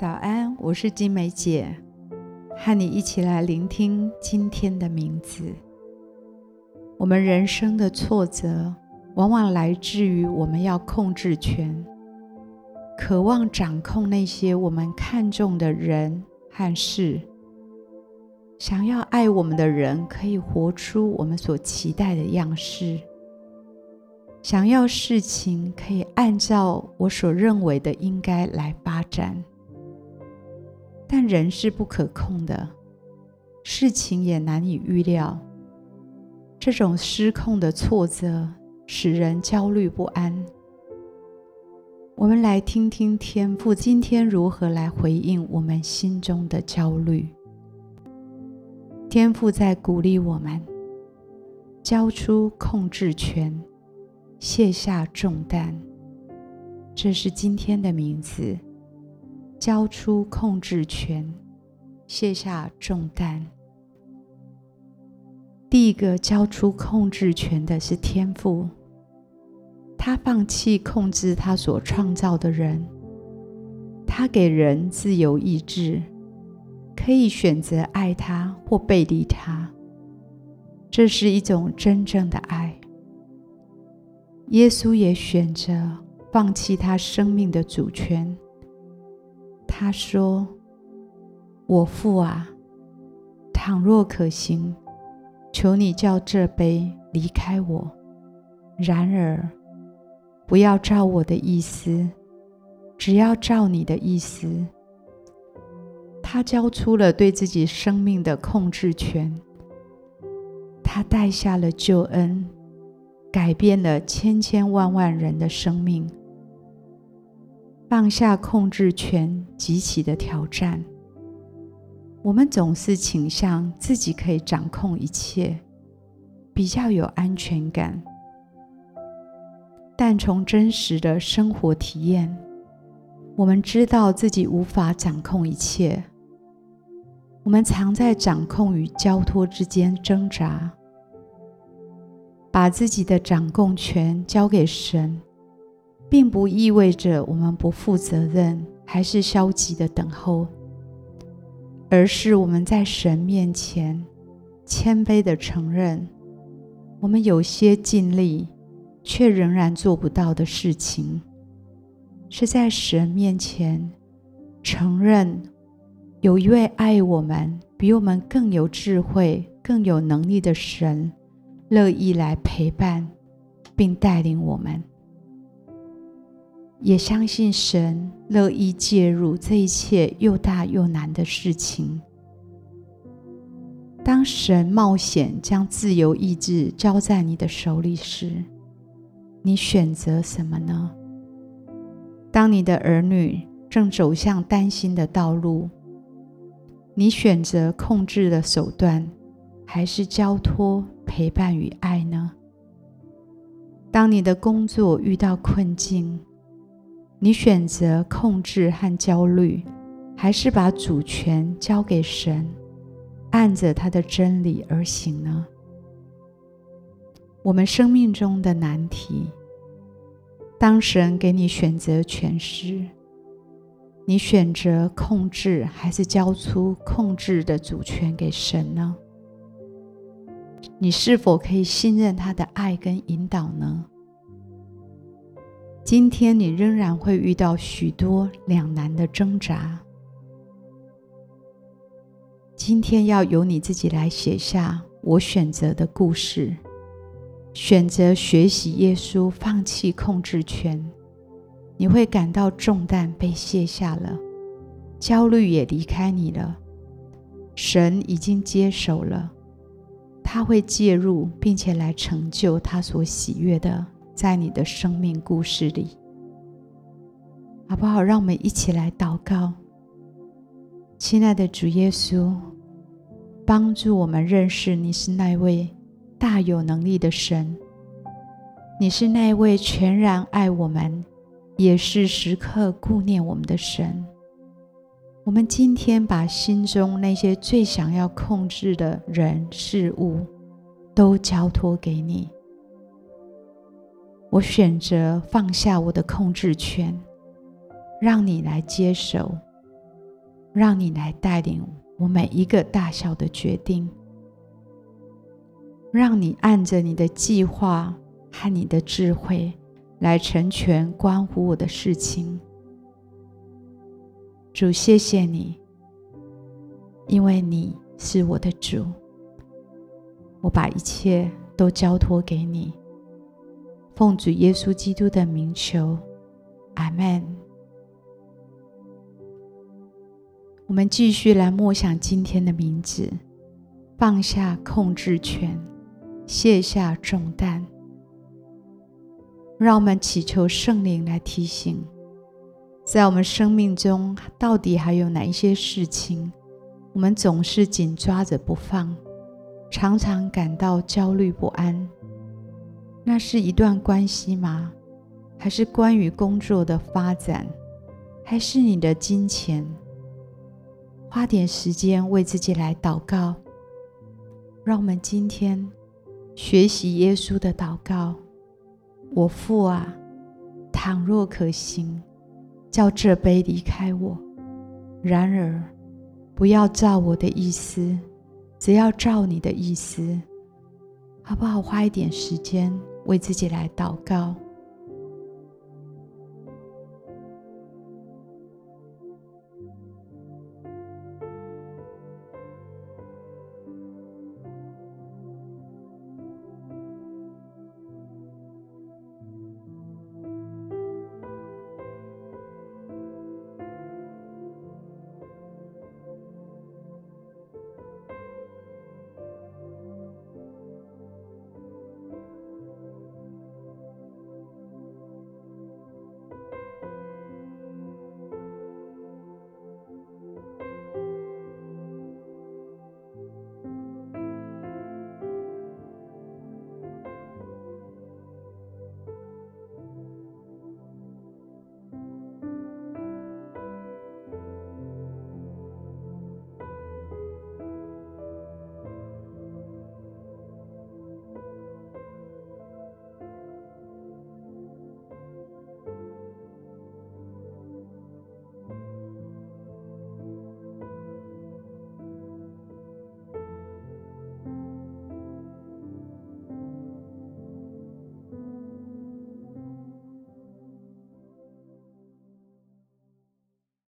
早安，我是晶玫姊，和你一起來聆聽今天的名字。我們人生的挫折，往往來自於我們要控制權，渴望掌控那些我們看重的人和事，想要愛我們的人可以活出我們所期待的樣式，想要事情可以按照我所認為的應該來發展。但人是不可控的，事情也難以預料。這種失控的挫折使人焦慮不安。我們來聽聽天父今天如何來回應我們心中的焦慮。天父在鼓勵我們，交出控制權，卸下重擔。這是今天的名字。交出控制權，卸下重擔。第一個交出控制權的是天父，他放棄控制他所創造的人，他給人自由意志，可以選擇愛他或背離他。這是一種真正的愛。耶穌也選擇放棄他生命的主權。他說：“我父啊，倘若可行，求你叫這杯離開我。然而，不要照我的意思，只要照你的意思。”他交出了對自己生命的控制權，他帶下了救恩，改變了千千萬萬人的生命。放下控制權，極其的挑戰。我們總是傾向自己可以掌控一切，比較有安全感。但從真實的生活體驗，我們知道自己無法掌控一切。我們常在掌控與交託之間掙扎，把自己的掌控權交給神。並不意味着我們不負責任，還是消極的等候，而是我們在神面前謙卑的承認，我們有些盡力卻仍然做不到的事情，是在神面前承認有一位愛我們、比我們更有智慧、更有能力的神，樂意來陪伴並帶領我們。也相信神樂意介入這一切又大又難的事情。當神冒險將自由意志交在你的手裡時，你選擇什麼呢？當你的兒女正走向擔心的道路，你選擇控制的手段，還是交託、陪伴與愛呢？當你的工作遇到困境，你選擇控制和焦慮，還是把主權交給神，按着他的真理而行呢？我們生命中的難題，當神給你選擇權時，你選擇控制，還是交出控制的主權給神呢？你是否可以信任他的愛跟引導呢？今天你仍然會遇到許多兩難的掙扎。今天要由你自己來寫下我選擇的故事，選擇學習耶穌放棄控制權，你會感到重擔被卸下了，焦慮也離開你了。神已經接手了，他會介入並且來成就他所喜悅的。在你的生命故事裡，好不好？讓我們一起來禱告，親愛的主耶穌，幫助我們認識你是那位大有能力的神，你是那位全然愛我們，也是時刻顧念我們的神。我們今天把心中那些最想要控制的人事物，都交托給你。我選擇放下我的控制權，讓你來接手，讓你來帶領我每一個大小的決定，讓你按着你的計劃和你的智慧來成全關乎我的事情。主，謝謝你，因為你是我的主，我把一切都交托給你。奉主耶穌基督的名求，阿門。我們繼續來默想今天的名字，放下控制權，卸下重擔。讓我們祈求聖靈來提醒，在我們生命中到底還有哪一些事情，我們總是緊抓着不放，常常感到焦慮不安。那是一段關係嗎？還是關於工作的發展？還是你的金錢？花點時間為自己來禱告。讓我們今天學習耶穌的禱告：“我父啊，倘若可行，叫這杯離開我；然而，不要照我的意思，只要照你的意思。”好不好？花一點時間。為自己來禱告。